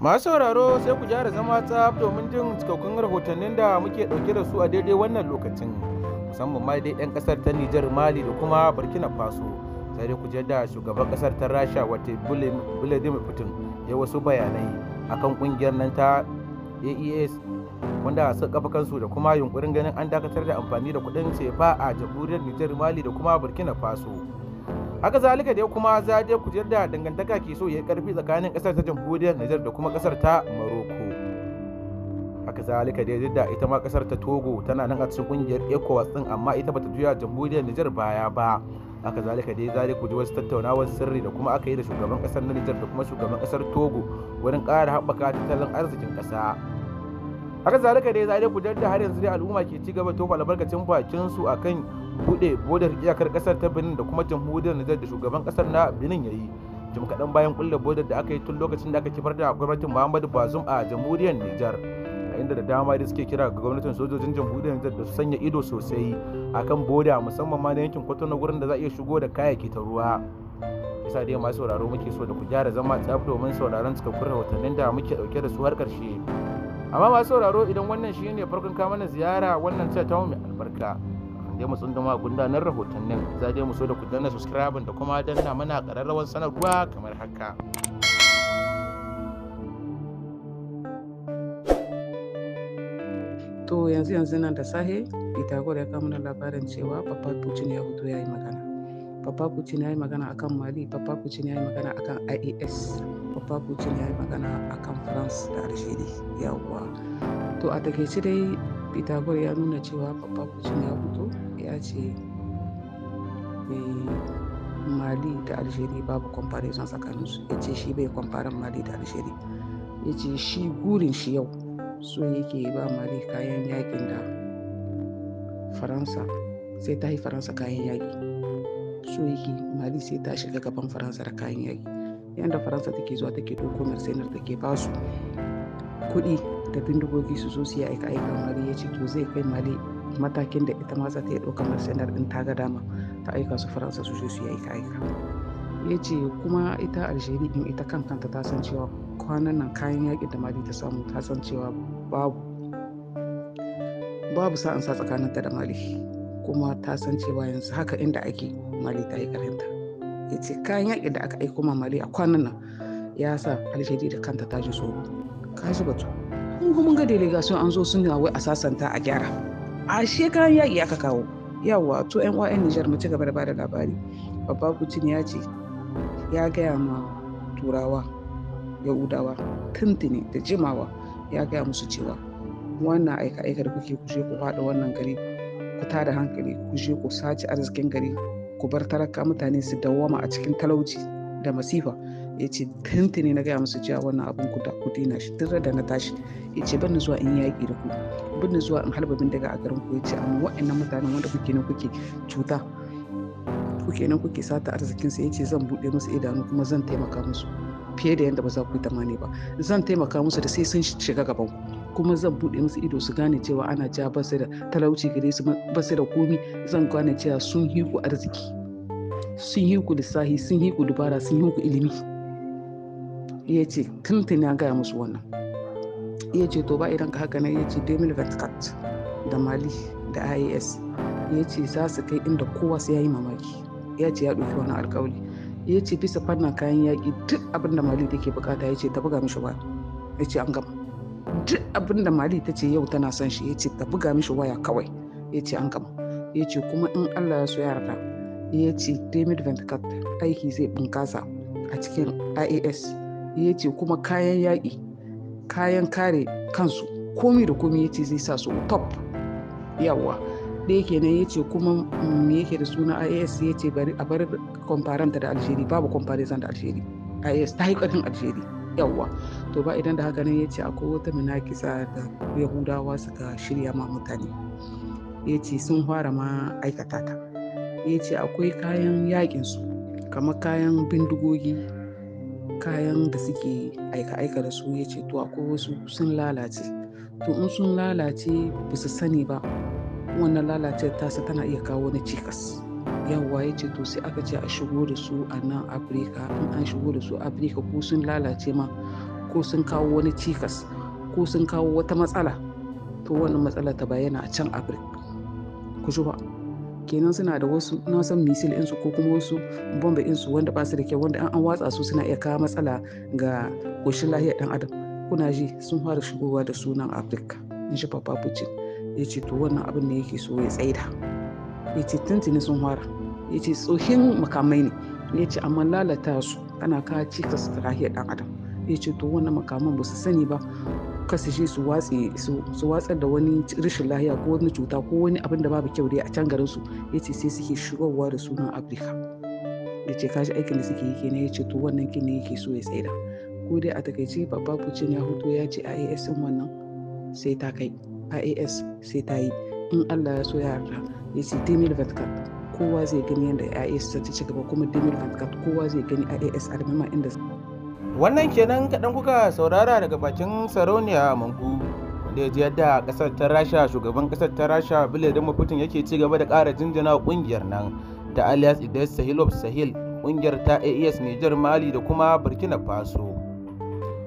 masu sauraro sai ku gyara zama tsaf domin jin cikakkun rahotannin da muke ɗauke da su a daidai wannan lokacin musamman ma dai 'yan ƙasar ta nijar mali da kuma burkina faso sai dai ku je da shugaban ƙasar ta rasha wata vladimir putin ya wasu bayanai akan ƙungiyar nan ta aes wanda suka kafa kansu da kuma yunkurin ganin an dakatar da amfani da kuɗin cefa a jamhuriyar nijar mali da kuma burkina faso haka zalika dai kuma zade ku da dangantaka ke so ya karfi tsakanin kasar ta jamhuriyar Nijar da kuma kasar ta Morocco haka zalika dai da ita ma kasar ta Togo tana nan a cikin kungiyar ECOWAS din amma ita bata juya jamhuriyar Nijar baya ba haka zalika dai zalika ku ji wasu tattaunawar sirri da kuma aka yi da shugaban kasar Nijar da kuma shugaban kasar Togo wurin ƙara haɓaka tattalin arzikin ƙasa. haka zalika za zai ku da har yanzu dai al'umma ke ci gaba tofa albarkacin bakin su akan bude bodar iyakar kasar ta Benin da kuma jamhuriyar Nijar da shugaban kasar na Benin yayi jim kaɗan bayan kulle bodar da aka yi tun lokacin da aka kifar da gwamnatin Muhammadu bazum a jamhuriyar Nijar a inda da dama da suke kira ga gwamnatin sojojin jamhuriyar Nijar da su sanya ido sosai akan boda musamman ma na yankin Kwatano gurin da za a iya shigo da kayayyaki ta ruwa yasa dai masu sauraro muke so da ku gyara zama tsaf domin sauraron cikakkun rahotannin da muke dauke da su har karshe amma masu sauraro idan wannan shi ne farkon kama ziyara wannan ce ta mai albarka dai mu tsunduma gundanar rahotannin za dai mu so da ku danna subscribe da kuma danna mana ƙararrawar sanarwa kamar haka to yanzu yanzu nan da sahe itagor ya kama labarin cewa papa putin ya hudu ya yi magana papa putin ya yi magana akan mali papa putin ya yi magana akan ias babba kucin ya yi magana a kan france da algeria yawwa to a takaice dai pitagor ya nuna cewa babba kucin ya fito ya ce mali da algeria babu comparison su ya ce shi bai kwamfaran mali da algeria ya ce shi gurin shi yau so yake ba mali kayan yakin da faransa sai ta yi faransa kayan yaki so yake mali sai ta shiga gaban faransa da kayan yaki yanda faransa take zuwa take ɗauko mercenaries take ba su kuɗi da bindigogi su zo su yi aika aika mali ya ce to zai kai mali matakin da ita ma za ta yi ɗaukar mercenaries ɗin ta ga dama ta aika su faransa su zo su yi aika aika ya ce kuma ita algeria in ita kan kanta ta san cewa kwanan nan kayan yaƙi da mali ta samu ta san cewa babu babu tsakanin ta da mali kuma ta san cewa yanzu haka inda ake mali ta yi karinta ya ce kayan yaƙi da aka aiko mamari a kwanan nan ya sa alheri da kanta ta ji tsoro ka ji batu mun mun ga delegation an zo sun wai a sasanta a gyara A ashe kayan yaƙi aka kawo yawa to yan uwa Nijar mu ci gaba da bada labari babba Putin ya ce ya gaya ma turawa yahudawa tuntuni da jimawa ya gaya musu cewa wannan aika-aika da kuke kuje ku faɗa wannan gari ku tada hankali ku je ku sace arzikin gari ku bar talaka mutane su dawoma a cikin talauci da masifa ya ce tuntuni na gaya musu cewa wannan abin ku ku dina shi tun da na tashi ya ce ban zuwa in yaƙi da ku ban zuwa in halba daga a garin ku ya ce amma wa'annan mutanen wanda kuke nan kuke cuta kuke nan kuke sata arzikinsa ya ce zan buɗe musu idanu kuma zan taimaka musu fiye da yadda ba za ku yi tamani ba zan taimaka musu da sai sun shiga gaban ku kuma zan buɗe musu ido su gane cewa ana ja ba da talauci gare su ba da komi zan gane cewa sun yi ku arziki sun yi ku lissahi sun yi ku dubara sun yi ku ilimi ya ce tuntun ya gaya musu wannan ya ce to ba idan ka haka na ya ce 2024 da mali da ias ya ce za su kai inda kowa sai ya yi mamaki ya ce ya ɗauki wani alkawali ya ce bisa fannin kayan yaƙi duk abin da mali da ke bukata ya ce ta buga mishi ba ya ce an gama duk abin da mali ta ce yau tana son shi ya ce ta buga mishi waya kawai ya ce an gama ya ce kuma in allah ya so ya yarda ya ce david venticat aiki zai bunkasa a cikin ias ya ce kuma kayan yaƙi kayan kare kansu komi da komi ya ce zai sa su top yawa yake nan ya ce kuma me yake da suna ias ya ce a bar comparanta da algeria babu comparison da algeria ias ta yi ƙarfin algeria yawwa to ba idan da haka nan ya ce akwai wata minakisa da yahudawa suka shirya ma mutane ya ce sun fara ma aikata ta ya ce akwai kayan yaƙinsu kamar kayan bindigogi kayan da suke aika-aika da su ya ce to akwai wasu sun lalace to in sun lalace ba su sani ba wannan lalace tasa tana iya kawo wani cikas yawa ya ce to sai aka ce a shigo da su a nan afirka in an shigo da su afirka ko sun lalace ma ko sun kawo wani cikas ko sun kawo wata matsala to wannan matsala ta bayyana a can afirka ku ba kenan suna da wasu na san misil insu ko kuma wasu bomba insu wanda ba su da kyau wanda an watsa su suna iya kawo matsala ga koshin lahiyar dan adam kuna ji sun fara shigowa da sunan afirka in shi papa ya ce to wannan abin da yake so ya tsaida ya ce tuntuni sun fara ya ce tsohin makamai ne ya ce amma lalata su ana ci cikas su lahiyar dan adam ya ce to wannan makaman ba su sani ba ka su watsi su watsar da wani rashin lahiya ko wani cuta ko wani abin da babu kyau dai a can garin su ya ce sai suke shigowa da sunan afirka ya ce kashi aikin da suke yi kenan ya ce to wannan kin ne yake so ya tsira ko dai a takaice babba kucin ya hoto ya ce ias wannan sai ta kai ias sai ta yi in Allah ya so ya yarda ya ce 2024 kowa zai gani yadda IAS ta ci gaba kuma 2024 kowa zai gani IAS a da inda wannan kenan kaɗan kuka saurara daga bakin sarauniya mangu da ya ji yadda ƙasar ta rasha shugaban ƙasar ta rasha vladimir mafutin yake ci gaba da ƙara jinjina ƙungiyar nan ta alias idris of sahil ƙungiyar ta aes niger mali da kuma burkina faso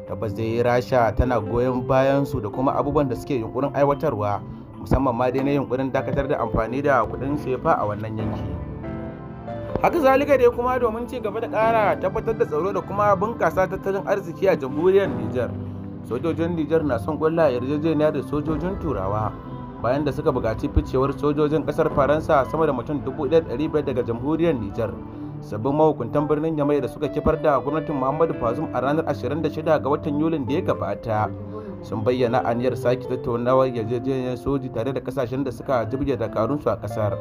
tabbas dai rasha tana goyon bayan su da kuma abubuwan da suke yunkurin aiwatarwa musamman ma dai na yunkurin dakatar da amfani da kuɗin sefa a wannan yanki haka zalika dai kuma domin ci gaba da ƙara tabbatar da tsaro da kuma bunƙasa tattalin arziki a jamhuriyar nijar sojojin nijar na son ƙulla yarjejeniya da sojojin turawa bayan da suka buƙaci ficewar sojojin ƙasar faransa sama da mutum 1,500 daga jamhuriyar niger sabbin mahukuntan birnin yamai da suka kifar da gwamnatin muhammadu fazum a ranar 26 ga watan yulin da ya gabata sun bayyana aniyar sake tattaunawar yarjejeniyar soji tare da kasashen da suka jibge dakarunsu a kasar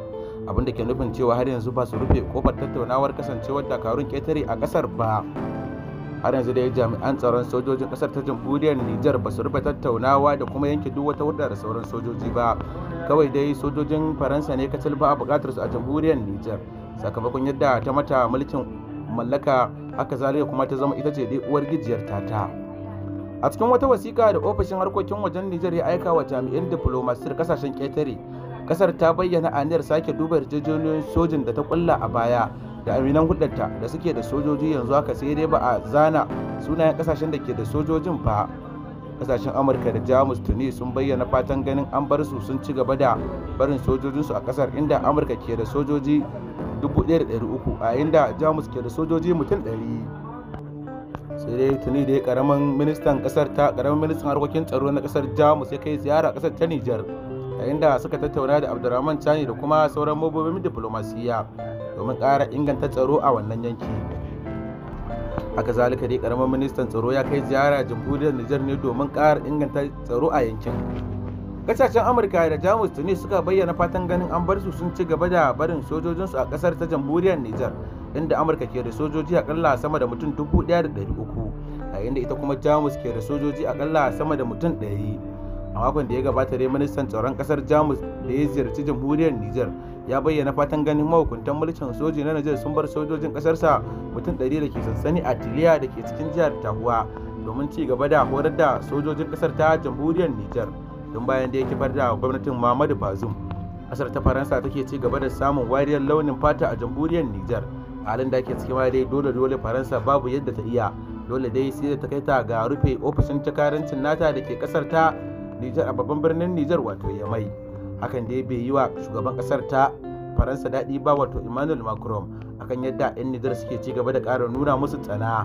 abin da ke nufin cewa har yanzu ba su rufe kofar tattaunawar kasancewar dakarun ketare a kasar ba har yanzu dai jami'an tsaron sojojin kasar ta jamhuriyar Nijar ba su rufe tattaunawa da kuma yanke duk wata hulɗa da sauran sojoji ba kawai dai sojojin Faransa ne kacal ba a buƙatar su a jamhuriyar Nijar sakamakon yadda ta mata mulkin mallaka haka zalika kuma ta zama ita ce dai uwar gijiyar tata. a cikin wata wasiƙa da ofishin harkokin wajen nijar ya aika wa jami'an diplomasiyar kasashen ƙetare kasar ta bayyana aniyar sake duba yarjejeniyoyin sojin da ta kulla a baya da aminan hudarta da suke da sojoji yanzu haka sai dai ba a zana sunayen kasashen da ke da sojojin ba kasashen amurka da jamus tuni sun bayyana fatan ganin an bar su sun ci gaba da barin sojojinsu a kasar inda amurka ke da sojoji 1300 a inda jamus ke da sojoji mutum 100 sai dai tuni dai karamin ministan kasar ta karamin ministan harkokin tsaro na kasar jamus ya kai ziyara kasar ta niger a inda suka tattauna da abdurrahman chani da kuma sauran mabobin diplomasiya domin ƙara inganta tsaro a wannan yanki haka zalika dai karamin ministan tsaro ya kai ziyara jamhuriyar Niger ne domin ƙara inganta tsaro a yankin kasashen amurka da jamus tuni suka bayyana fatan ganin an bar su sun ci gaba da barin sojojinsu a kasar ta jamhuriyar Niger. inda amurka ke da sojoji akalla sama da mutum 1,300 yayin da ita kuma jamus ke da sojoji akalla sama da mutum 100 a makon da ya gabata dai ministan tsaron kasar jamus da ya ziyarci jamhuriyar niger ya bayyana fatan ganin mahukuntan mulkin soji na niger sun bar sojojin kasarsa mutum 100 da ke sansani a tiliya da ke cikin jihar tahuwa domin ci gaba da horar da sojojin kasar ta jamhuriyar niger don bayan da ya kifar da gwamnatin mamadu bazum kasar ta faransa take ci gaba da samun wariyar launin fata a jamhuriyar niger halin da ake ciki ma dai dole dole faransa babu yadda ta iya dole dai sai da ta kai ta ga rufe ofishin takarancin nata da ke kasar ta nijar a babban birnin nijar wato yamai hakan dai bai yi wa shugaban kasar ta faransa daɗi ba wato emmanuel macron akan yadda 'yan nijar suke ci gaba da ƙara nuna musu tsana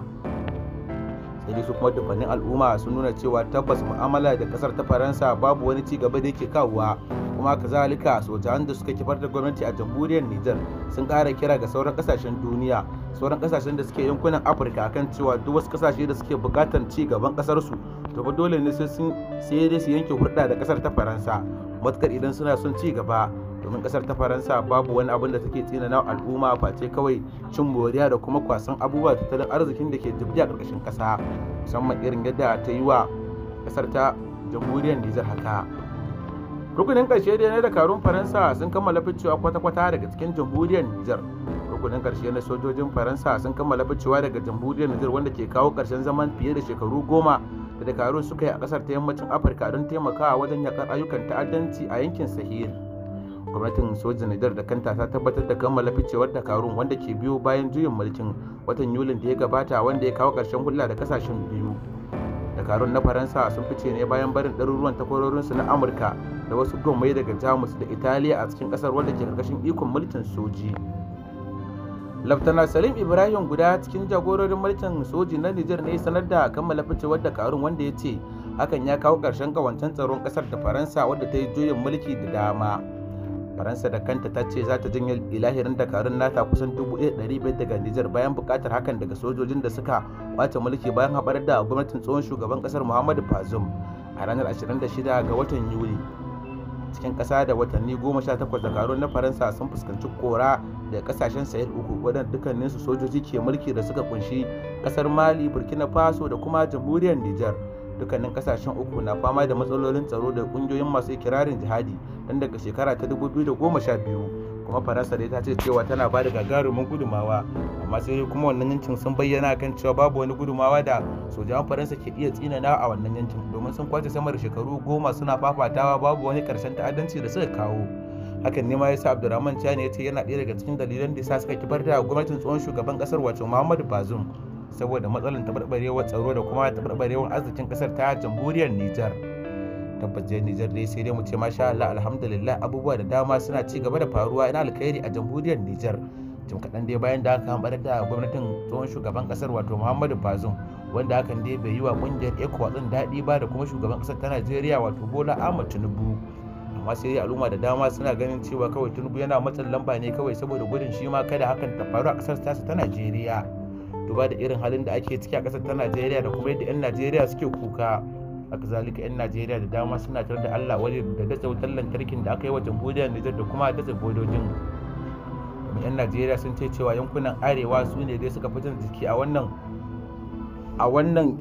sai dai su kuma dubbanin al'umma sun nuna cewa tabbas mu'amala da kasar ta faransa babu wani ci gaba da yake kawowa kuma kazalika sojan da suka kifar da gwamnati a jamhuriyar Nijar sun kara kira ga sauran kasashen duniya sauran kasashen da suke yankunan Afirka kan cewa duk wasu kasashe da suke buƙatar ci gaban su to fa dole ne sai sai dai su yanke hulɗa da kasar ta Faransa matukar idan suna son ci gaba domin kasar ta faransa babu wani abin da take tsina na al'umma face kawai cin moriya da kuma kwasan abubuwa tattalin arzikin da ke jibgi a ƙarƙashin ƙasa musamman irin yadda ta yi wa kasar ta jamhuriyar nijar haka rukunin ƙarshe da na dakarun faransa sun kammala ficewa kwata-kwata daga cikin jamhuriyar nijar rukunin ƙarshe na sojojin faransa sun kammala ficewa daga jamhuriyar nijar wanda ke kawo karshen zaman fiye da shekaru goma da dakarun suka yi a ƙasar ta yammacin afirka don taimakawa wajen yakar ayyukan ta'addanci a yankin sahel gwamnatin sojin nijar da kanta ta tabbatar da kammala ficewar dakarun wanda ke biyo bayan juyin mulkin watan yulin da ya gabata wanda ya kawo karshen hulɗa da kasashen biyu dakarun na faransa sun fice ne bayan barin ɗaruruwan takwarorinsu na amurka da wasu gomai daga jamus da italiya a cikin ƙasar wadda ke karkashin ikon mulkin soji laftana salim ibrahim guda cikin jagororin mulkin soji na nijar ne sanar da kammala ficewar dakarun wanda ya ce hakan ya kawo ƙarshen kawancen tsaron ƙasar da faransa wadda ta yi juyin mulki da dama faransa da kanta ta ce za ta janye ilahirin dakarun nata kusan 1,500 daga nijar bayan bukatar hakan daga sojojin da suka kwace mulki bayan haɓar da gwamnatin tsohon shugaban kasar muhammadu bazoum a ranar 26 ga watan yuli cikin ƙasa da watanni 18 dakarun na faransa sun fuskanci kora da kasashen sayar uku wadanda dukkaninsu sojoji ke mulki da suka kunshi ƙasar mali burkina faso da kuma jamhuriyar nijar dukkanin kasashen uku na fama da matsalolin tsaro da kungiyoyin masu ikirarin jihadi tun daga shekara ta 2012 kuma faransa dai ta ce cewa tana ba da gagarumin gudumawa amma sai kuma wannan yankin sun bayyana kan cewa babu wani gudumawa da sojan faransa ke iya tsinana a wannan yankin domin sun kwace samar shekaru goma suna fafatawa babu wani karshen ta'addanci da suka kawo hakan ne ma yasa abdurrahman chani ya ce yana ɗaya daga cikin dalilan da sa suka kibar da gwamnatin tsohon shugaban kasar wato muhammadu bazum saboda matsalar taɓarɓarewar tsaro da kuma taɓarɓarewar arzikin ƙasar ta jamhuriyar Nijar. Tabbacin Nijar dai sai dai mu ce masha Allah alhamdulillah abubuwa da dama suna ci gaba da faruwa ina alkhairi a jamhuriyar Nijar. Jim kaɗan dai bayan da aka hambar da gwamnatin tsohon shugaban ƙasar wato Muhammadu bazum wanda hakan dai bai yi wa ƙungiyar ECOWAS daɗi ba da kuma shugaban ƙasar ta Najeriya wato Bola Ahmed Tinubu. amma sai al'umma da dama suna ganin cewa kawai tinubu yana matsin lamba ne kawai saboda gudun shi ma kada hakan ta faru a ƙasar ta najeriya duba da irin halin da ake ciki a ƙasar ta najeriya da kuma yadda 'yan najeriya suke kuka a kazalika 'yan najeriya da dama suna tare da allah waje da dasa wutar lantarkin da aka yi wa jamhuriyar nijar da kuma dasa bodojin yan najeriya sun ce cewa yankunan arewa su ne dai suka fitar jiki a wannan a wannan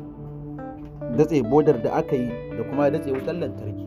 datse bodar da aka yi da kuma datse wutar lantarki